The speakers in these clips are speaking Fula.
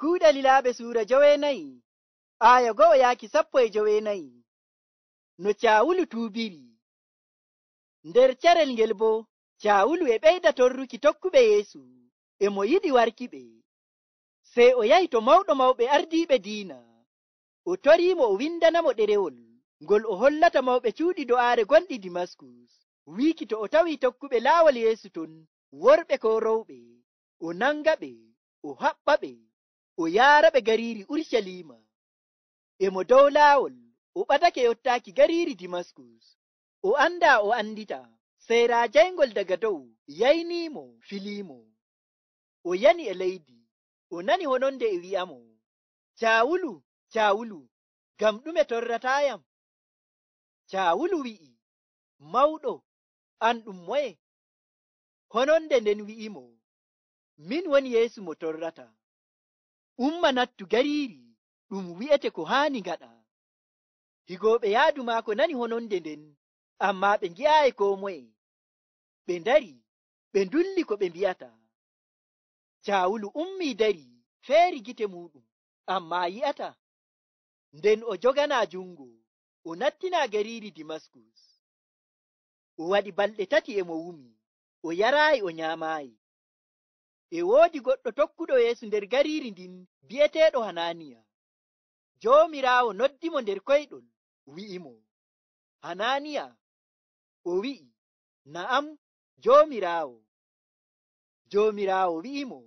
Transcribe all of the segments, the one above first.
kuuɗa lilaaɓe suura jowenayi aya go'o yaaki sappo e jowenayi no caawulu tuubiri nder carel ngel bo caawulu e ɓeyda torruki tokkuɓe yeesu e mo yiɗi warkiɓe sey o yahi to mawɗo mawɓe ardiiɓe diina o toriimo o windanamo ɗerewol ngol o hollata mawɓe cuuɗi do'aare gonɗi dimaskus wiiki to o tawi tokkuɓe laawol yeesu ton worɓe ko rowɓe o nanga ɓe o haɓɓa ɓe o yara ɓe gariri urushalima e mo dow lawol o ɓatake yottaki gariri damaskus o anda o andita seera jaygol daga dow yaynimo filimo o yani e leydi o nani hononde e wi'amo cawulu cawulu gam ɗume torratayam cawulu wi'i mawɗo an ɗum moye hononde nden wi'imo min woni yeesu mo torrata umma nattu gariiri ɗum wi'ete ko haani ngaɗa higooɓe yahdu maako nani hononde nden ammaa ɓe ngi'aayi koo moye ɓe ndari ɓe ndulli ko ɓe mbi'ata jaawulu ummii dari feeri gite muuɗum ammaa yi'ata nden o joganaa junngo o nattinaa gariiri dimaskus o waɗi balɗe tati e mo wumi o yaraayi o nyaamaayi e woodi goɗɗo tokkuɗo yeeso nder gariiri ndin bi'eteeɗo hananiya joomiraawo noddimo nder koyɗol wi'i mo hananiya o wi'i na'am joomiraawo joomiraawo wi'i mo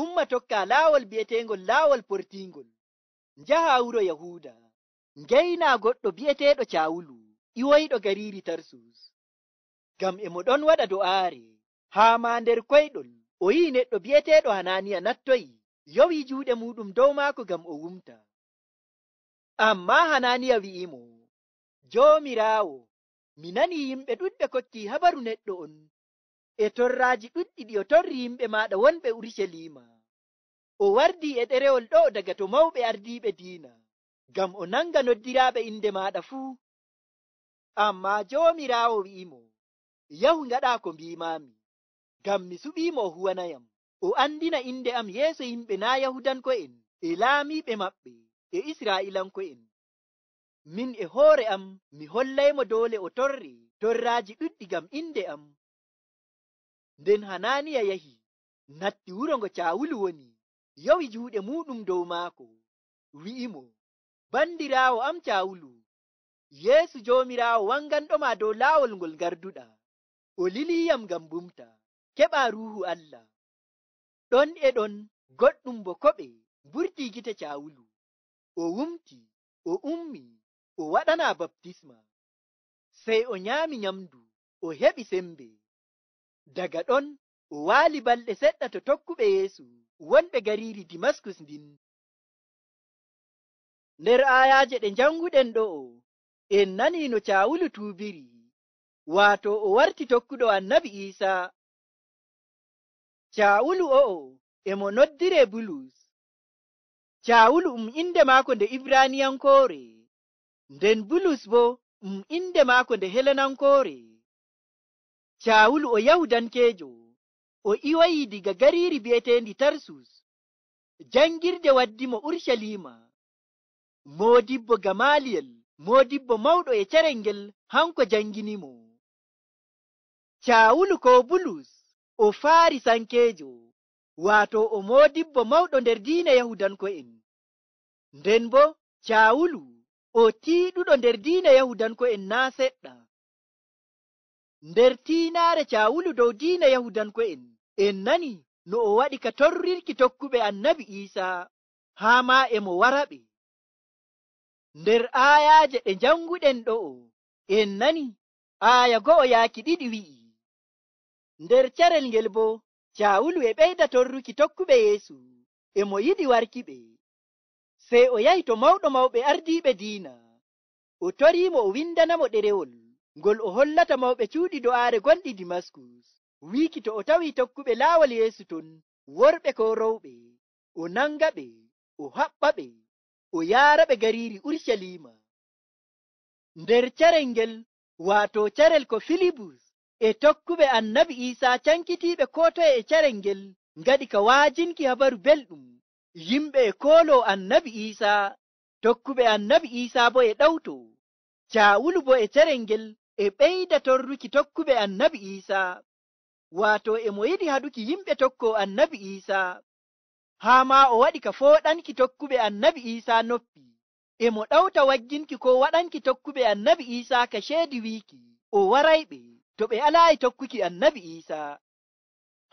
umma tokka laawol bi'eteengol laawol portiingol njaha wuro yahuuda ngeyna goɗɗo bi'eteeɗo caawulu iwoyɗo gariiri tarsus ngam e mo ɗon waɗa do'aare haa ma nder koyɗol o yi'i neɗɗo bi'eteɗo hananiya nattoyi yowi juuɗe muɗum dow maako gam o wumta amma hananiya wi'imo jomirawo mi nani yimɓe ɗuɗɓe kokki habaru neɗɗo on e torraji ɗuɗɗiɗi o torri yimɓe maɗa wonɓe urushalima o wardi e ɗerewol ɗo daga to mawɓe ardiɓe diina gam o nanga noddiraɓe inde maɗa fuu amma jomirawo wi'imo yahu gaɗa ko mbimami ngam mi suɓiimo o huwanayam o anndina innde am yeeso yimɓe naa yahudanko'en e laamiiɓe maɓɓe e israa'ilanko'en min e hoore am mi hollaymo doole o torre torraaji ɗuɗɗi ngam innde am nden hananiya yahi natti wuro ngo caawulu woni yowi juuɗe muɗum dow maako wi'imo banndiraawo am caawulu yeesu joomiraawo wanganɗoma dow laawol ngol ngarduɗa o liliyam ngam bumta keɓa ruhu allah ɗon e ɗon goɗɗum bo koɓe burti gite cawulu o wumti o ummi o waɗana baptisma sey o nyaami nyamdu o heɓi sembe daga ɗon o waali balɗe seɗɗa to tokkuɓe yeesu wonɓe gariiri dimaskus ndin nder aayaaje ɗe njannguɗen ɗo'o en nanino cawulu tuubiri waato o warti tokkuɗo annabi iisaa jawulu o'o emo noddire bulus jawulu um inde maako nde ibraniyankoore nden bulus bo um inde maako nde helenankoore jawulu o yahudankeejo o iwayi diga gariiri bi'eteendi tarsus jangirde waddimo urshalima moodibbo gamaliyel moodibbo mawɗo e cerel ngel hanko janginimo jawulu ko bulus o faari sankeejo waato o moodibbo mawɗo nder diina yahudanko'en nden bo caawulu o tiiɗuɗo nder diina yahudanko'en naa seɗɗa nder tiinaare caawulu dow diina yahudanko'en en nani no o waɗi ka torrirki tokkuɓe annabi iisaa haa maa emo waraɓe nder aayaaje ɗe njannguɗen ɗo'o en nani aaya go'o yaaki ɗiɗi wi'i nder carel ngel bo jawulu e ɓeyda torruki tokkuɓe yeesu e mo yiɗi warki ɓe sey o yahi to mawɗo mawɓe ardiɓe diina o torimo o windanamo ɗerewol ngol o hollata mawɓe cuuɗi do'aare gonɗi dimaskus wiiki to o tawi tokkuɓe laawol yeesu ton worɓe ko rowɓe o nanga ɓe o haɓɓa ɓe o yaara ɓe gariiri urshalima nder carel ngel waato carel ko filibus e tokkuɓe annabi isa cankitiɓe kotoye e carel ngel ngaɗi ka waajinki habaru belɗum yimɓe e koolo annabi isa tokkuɓe annabi isa bo e ɗawto jawulu bo e carel ngel e ɓeyda torruki tokkuɓe annabi isa wato emo yiɗi haɗuki yimɓe tokko annabi isa haa ma o waɗi ka fooɗanki tokkuɓe annabi isa noppi emo ɗawta wagginki ko waɗanki tokkuɓe annabi isa ka sheedi wiiki o warayɓe to ɓe alaayi e tokkuki annabi iisaa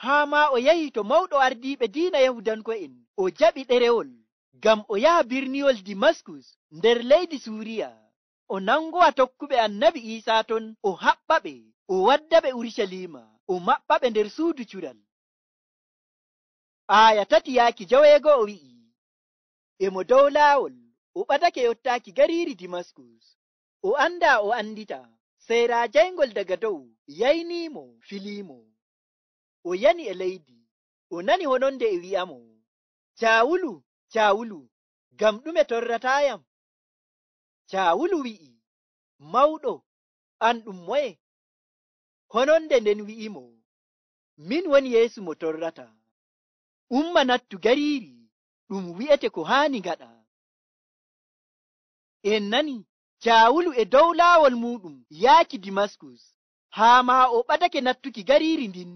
haa maa o yahi to mawɗo ardiiɓe diina yahudanko'en o jaɓi ɗerewol ngam o yaha birniwol dimaskus nder leydi suuriya o nanngowa tokkuɓe annabi iisaa ton o haɓɓa ɓe o wadda ɓe urushalima o maɓɓa ɓe nder suudu cural aaya tati yaaki jaweego o wi'i e mo dow laawol o ɓadake yottaaki gariiri dimaskus o annda o anndita seyra jaygol daga dow yaynimo filimo o yani e leydi o nani hononde e wi'amo cawulu cawulu gam ɗume torratayam cawulu wi'i mawɗo an ɗum moye hononde nden wi'imo min woni yeesu mo torrata umma nattu gariri ɗum wi'ete ko haani gaɗa en nani jawulu e dow laawol muɗum yaaki dimaskus haa ma o ɓadake nattuki gariri ndin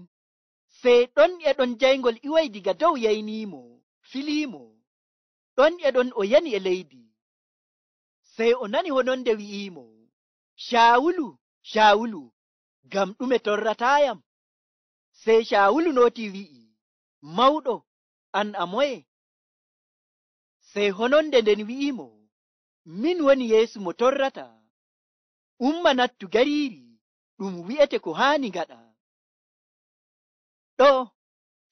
sey ɗon e ɗon jaygol iway diga dow yaynimo filimo ɗon e ɗon o yani e leydi sey o nani wononde wi'imo shawulu shawulu ngam ɗume torratayam sey shawulu noti wi'i mawɗo an amoye sey hononde nden wi'imo min woni yeesu mo torrata umma nattu gariiri ɗum wi'ete ko haani ngaɗa ɗo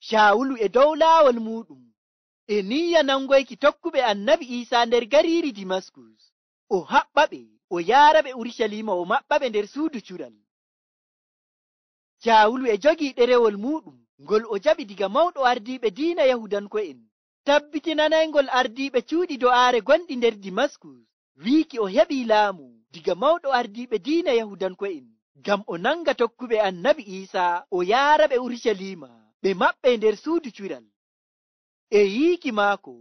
shawulu e dow laawol muɗum e niyya nangoyki tokkuɓe annabi isaa nder gariiri dimaskus o haɓɓa ɓe o yaaraɓe urushalima o maɓɓa ɓe nder suudu cural shawulu e jogii ɗerewol muɗum ngol o jaɓi diga mawɗo ardiiɓe diina yahudanko'en tabbitinanaygol ardiiɓe cuuɗi do'aare gonɗi nder dimaskus wiiki o heɓii laamu diga mawɗo ardiiɓe diina yahudanko'en ngam o nannga tokkuɓe annabi iisaa o yaara ɓe urushalima ɓe maɓɓe nder suudu cural e yiiki maako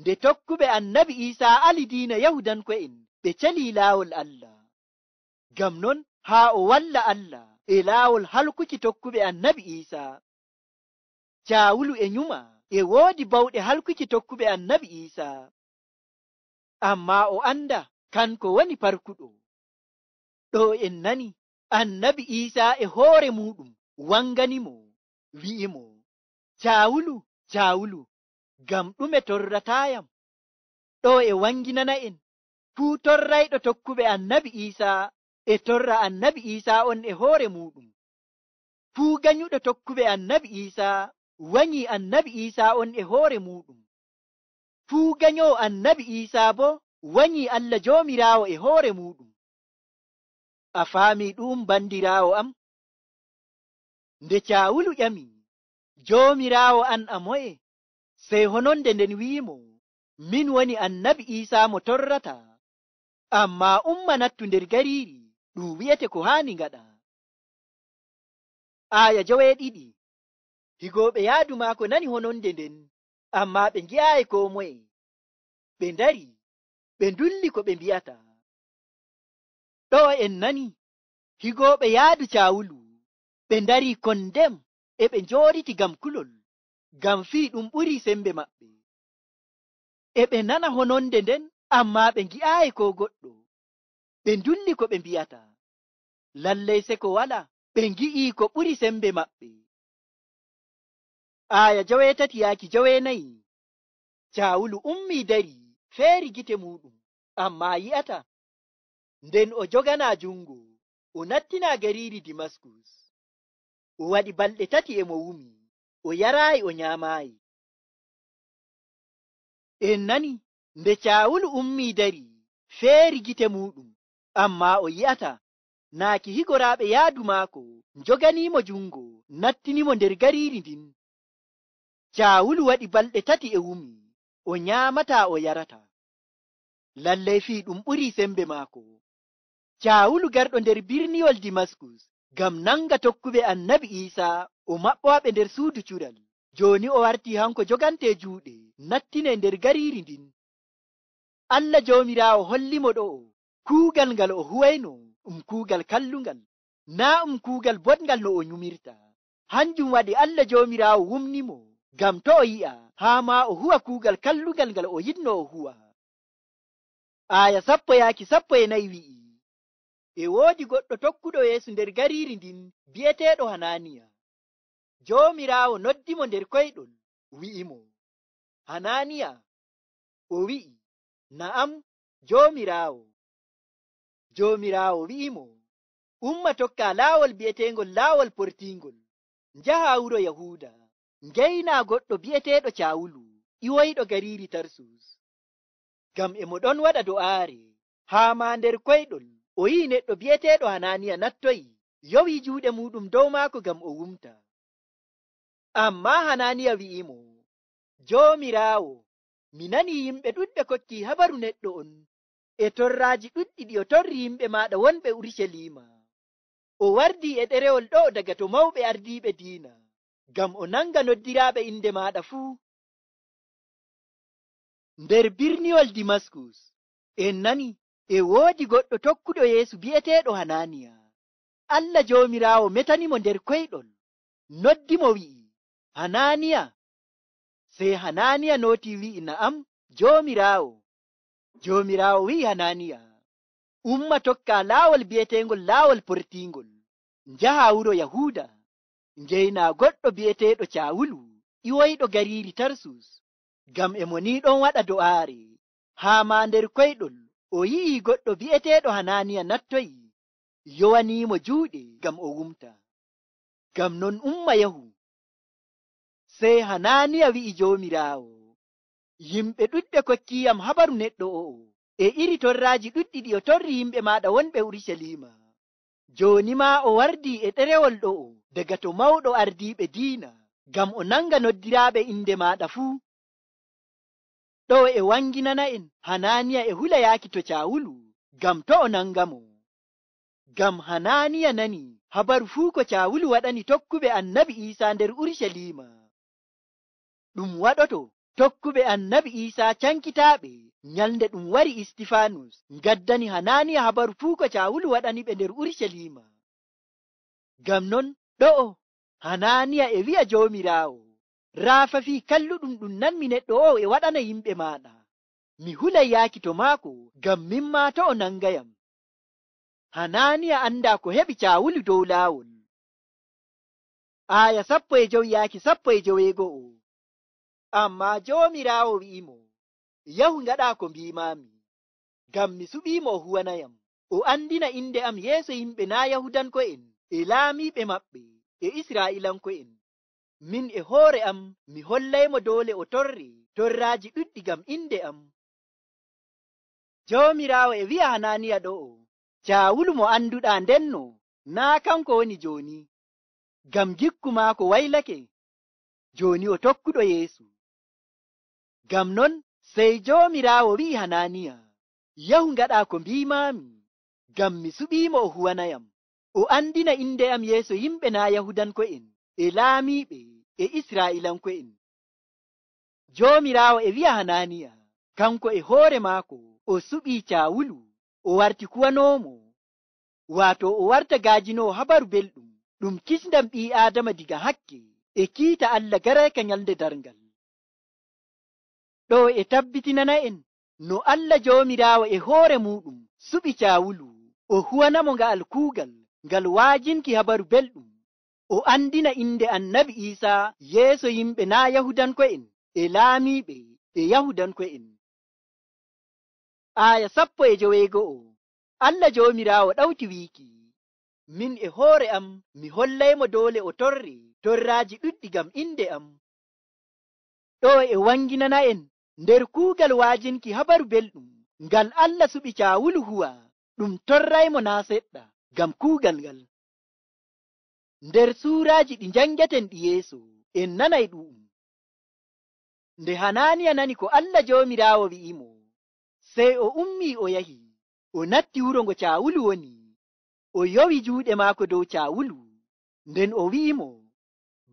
nde tokkuɓe annabi iisaa ali diina yahudanko'en ɓe calii laawol allah ngam non haa o walla allah e laawol halkuki tokkuɓe annabi iisaa caawulu e nyuma e woodi bawɗe halkuki tokkuɓe annabi isa amma o annda kanko woni parkuɗo ɗo en nani annabi isa e hoore muɗum wanganimo wi'imo jawulu jawulu ngam ɗume torratayam ɗo e wanginana en fuu torrayɗo tokkuɓe annabi isa e torra annabi isa on e hoore muɗum fuu ganyuɗo tokkuɓe annabi isa wanyi annabi isa on e hoore muɗum tuuganyoo annabi isa bo wanyi allah joomiraawo e hoore muɗum a faami ɗum bandiraawo am nde caawulu ƴami joomiraawo an a moye sey hononde nden wi'imo min woni annabi iisaa mo torrata ammaa umma nattu nder gariiri ɗum wi'ete ko haani ngaɗa aya joweeɗiɗi higoɓe yahdu maako nani hononde nden amma ɓe ngi'ayi ko moye ɓe ndari ɓe ndulli ko ɓe mbi'ata ɗo en nani higoɓe yahdu cawulu ɓe ndari kondem e ɓe njooɗiti gam kulol gam fii ɗum ɓuri sembe maɓɓe e ɓe nana hononde nden amma ɓe ngi'ayi ko goɗɗo ɓe ndulli ko ɓe mbi'ata lallay seko wala ɓe ngi'i ko ɓuri sembe maɓɓe aya jaweetati yaaki jaweenayi jaawulu ummi dari feeri gite muɗum ammaa yi'ata nden o jogana junngo o nattina gariiri dimaskus o waɗi balɗe tati e mo wumi o yaraayi o nyaamaayi en nani nde caawulu ummi dari feeri gite muɗum ammaa o yi'ata naaki higoraaɓe yaadu maako njoganiimo junngo nattinimo nder gariiri ndin jawul waɗi balɗe tati e wumi o nyamata o yarata lallai fi ɗum ɓuri sembe maako jawulu garɗo nder birniwol dimaskus gam nanga tokkuɓe annabi isa o maɓɓoɓe nder suudu cuɗal joni o warti hanko jogante juuɗe nattine nder gariri ndin allah jomirawo hollimo ɗo o kuugal ngal o huwaino ɗum kuugal kallungal na um kuugal boɗgal no o nyumirta hanjum waɗi allah jomirawo wumnimo ngam to o yi'a haa ma o huwa kuugal kallugal ngal o yiɗno o huwa aya sappo yaaki sappo e nayi wi'i e woodi goɗɗo tokkuɗo yeeso nder gariiri ndin bi'eteeɗo hananiya joomiraawo noddimo nder koyɗol wi'i mo hananiya o wi'i na'am joomiraawo joomiraawo wi'i mo umma tokka laawol bi'eteengol laawol portiingol njaha wuro yahuuda ngeyna goɗɗo bi'eteɗo cawulu iwoyɗo gariri tarsus ngam e moɗon waɗa do'aare haa ma nder koyɗol o yi'i neɗɗo bi'eteɗo hananiya nattoyi yowi juuɗe muɗum dow maako ngam o wumta amma hananiya wi'imo joomiraawo mi nani yimɓe ɗuɗɓe kokki habaru neɗɗo on e torraaji ɗuɗɗiɗi o torri yimɓe maaɗa wonɓe urushalima o wardi e ɗerewol ɗo daga to mawɓe ardiiɓe diina ngam o nanga noddiraaɓe innde maaɗa fuu nder birniwol dimaskus en nani e woodi goɗɗo tokkuɗo yeesu bi'eteeɗo hananiya allah joomiraawo metanimo nder koyɗol noddi mo wi'i hananiya sey hananiya nooti wi'i na'am joomiraawo joomiraawo wi'i hananiya umma tokka laawol bi'eteengol laawol portiingol njaha wuro yahuuda ngeyna goɗɗo bi'eteɗo cawulu iwoyɗo gariri tarsus gam e moniɗon waɗa do'aare haa ma nder koyɗol o yi'i goɗɗo bi'eteɗo hananiya nattoyi yowanimo juuɗe gam o wumta gam non umma yahu sey hananiya wi'i jomirawo yimɓe ɗuɗɓe kokkiyam habaru neɗɗo o'o e iri torraji ɗuɗɗiɗi o torri yimɓe maɗa wonɓe urushalima joni ma o wardi e ɗerewol ɗo'o daga to mawɗo ardiɓe diina ngam o nanga noddiraɓe inde maɗa fuu ɗo e wanginana en hananiya e hulayaki to cawulu ngam to o nanga mo ngam hananiya nani habaru fuu ko cawulu waɗani tokkuɓe annabi isa nder urushalima ɗum waɗoto tokkuɓe annabi isaa cankitaaɓe nyalnde ɗum wari istifanus ngaddani hanaaniya habaru tuuko cawulu waɗani ɓe nder urushalima gam non ɗo'o hanaaniya e wi'a joomiraawo raafafii kalluɗum ɗum nanmi neɗɗo o e waɗana yimɓe maaɗa mi hulay yaaki to maako gam minma to o nangayam hanaaniya annda ko heɓi cawulu dow laawol aya sappo e jow yaaki sappo e joweego'o amma jomirawo wi'imo yahu ngaɗa ko mbimami ngam mi suɓimo o huwanayam o andina inde am yeeso yimɓe na yahudanko'en e laamiɓe maɓɓe e isra'ilanko'en min e hoore am mi hollaymo doole o torre torraaji ɗuɗɗi ngam inde am jawmirawo e wi'a hananiya ɗo'o jawulu mo annduɗa ndenno naa kanko woni jooni ngam gikku maako waylake jooni o tokkuɗo yeesu ngam non sey joomiraawo wi'i hananiya yahu ngaɗa ko mbimami ngam mi suɓimo o huwanayam o andina innde am yeeso yimɓe na yahudanko'en e laamiɓe e israilanko'en joomiraawo e wi'a hananiya kanko e hoore maako o suɓi cawulu o warti kuwanomo waato o warta gaajino habaru belɗum ɗum kisdam ɓi aadama diga hakke e kiita allah garayka nyalde darngal ɗo e tabbitinana en no allah jomirawo e hoore muɗum suɓi cawulu o huwanamo ngaal kuugal ngal waajinki habaru belɗum o andina inde annabi isa yeeso yimɓe na yahudanko'en e laamiɓe e yahudanko'en aya sappo e joweego'o allah jomirawo ɗawti wiiki min e hoore am mi hollaymo doole o torre torraaji ɗuɗɗi gam inde am ɗo e wanginana en nder kuugal waajinki habaru belɗum ngal allah suɓi caawulu huwa ɗum torraymo naa seɗɗa ngam kuugal ngal nder suuraaji ɗi njanngeten ɗi yeeso en nanay ɗum nde hananiya nani ko allah joomiraawo wi'imo sey o ummi o yahi o natti wuro ngo caawulu woni o yowi juuɗe maako dow caawulu nden o wi'imo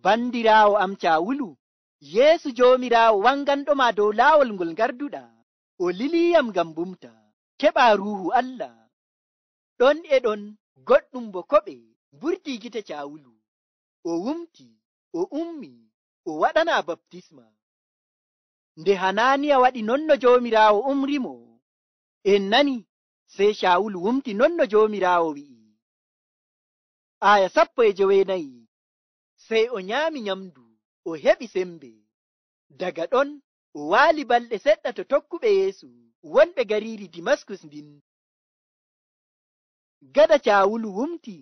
banndiraawo am caawulu yeesu joomiraawo wanganɗoma dow laawol ngol ngarduɗa o liliyam ngam bumta keɓa ruuhu allah ɗon e ɗon goɗɗum bo koɓe mburdi gite cawulu o wumti o ummi o waɗana baptisma nde hananiya waɗi nonno joomiraawo umrimo en nani sey shawulu wumti nonno joomiraawo wi'i aya sappo e joweenayi sey o nyaami nyamdu o heɓi sembe daga ɗon o waali balɗe seɗɗa to tokkuɓe yeesu wonɓe gariiri dimaskus ndin gada cawulu wumti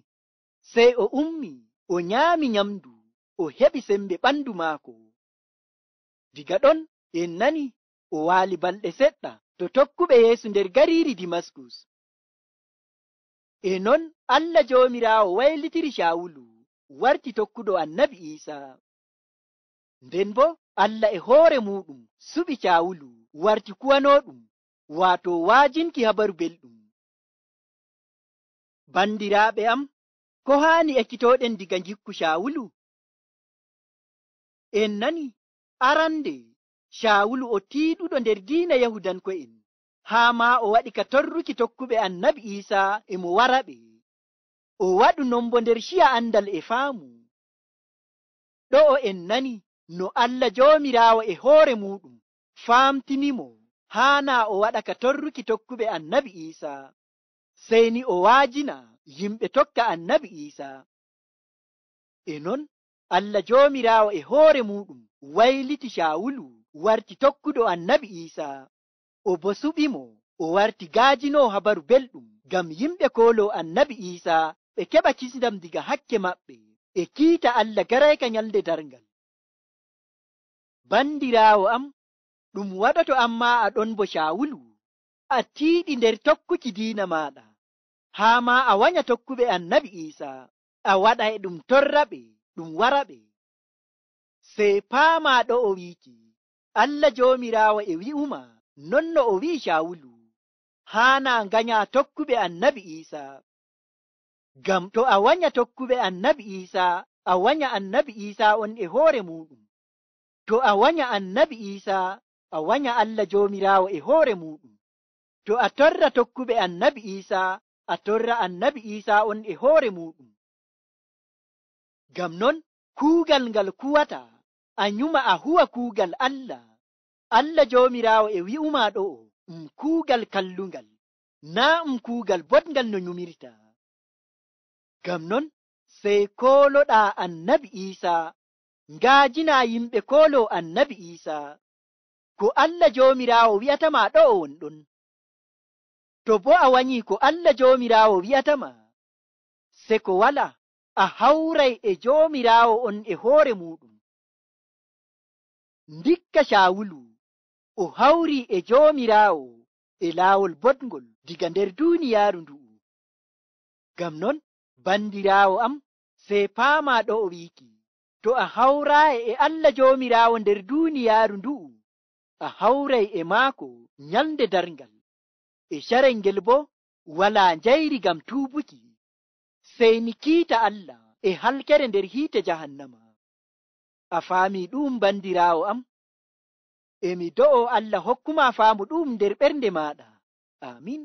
sey o ummi o nyaami nyamdu o heɓi sembe ɓandu maako diga ɗon en nani o waali balɗe seɗɗa to tokkuɓe yeesu nder gariiri dimaskus e non allah joomiraawo waylitiri shawulu warti tokkuɗo annabi iisaa nden bo allah e hoore muɗum suɓi cawulu warti kuwano ɗum waato waajinki habaru belɗum bandiraaɓe am ko haani ekkitoɗen diga jikku shawulu en nani arande shawulu o tiiɗuɗo nder diina yahudanko'en haa ma o waɗi ka torruki tokkuɓe annabi iisa emo wara ɓe o waɗu non bo nder shiya andal e faamu ɗo'o en nani no allah joomiraawo e hoore muɗum faamtinimo haana o waɗa ka torruki tokkuɓe annabi iisaa sey ni o waajina yimɓe tokka annabi iisaa e non allah joomiraawo e hoore muɗum wayliti shawulu warti tokkuɗo annabi iisaa o bosuɓimo o warti gaajinoo habaru belɗum ngam yimɓe koolo annabi iisaa ɓe keɓa kisdam diga hakke maɓɓe e kiita allah garayka nyalde darngal bandirawo am ɗum waɗoto amma a ɗon bo shawulu a tiiɗi nder tokkuki diina maɗa haa ma a wanya tokkuɓe annabi isa a waɗa e ɗum torraɓe ɗum waraɓe sey paamaɗo o wiiki allah joomirawo e wi'uma nonno o wi'i shawulu haana nganya tokkuɓe annabi isa ngam to a wanya tokkuɓe annabi isa a wanya annabi isa on e hoore muɗum to a wanya annabi isa a wanya allah jomirawo e hoore muɗum to a torra tokkuɓe annabi isa a torra annabi isa on e hoore muɗum gam non kuugal ngal kuwata a nyuma a huwa kuugal allah allah jomirawo e wi'uma ɗo o um kuugal kallungal na um kuugal boɗgal no nyumirta gam non sey koloɗa annabi isa ngaajina yimɓe koolo annabi iisaa ko allah joomiraawo wi'atama ɗo o wonɗon to bo a wanyii ko allah joomiraawo wi'atama se ko wala a hawray e joomiraawo on e hoore muuɗum ndikka shaawulu o hawri e joomiraawo e laawol boɗngol diga nder duuniyaaru ndu'u ngam non banndiraawo am sey paama ɗo o wiiki to a hawraayi e allah joomiraawo nder duuniyaaru ndu'u a hawray e maako nyalnde darngal e carel ngel bo walaa njayri ngam tuubuki sey ni kiita allah e halkere nder hiite jahannama a faami ɗum banndiraawo am emi do'o allah hokkuma faamu ɗum nder ɓernde maaɗa amin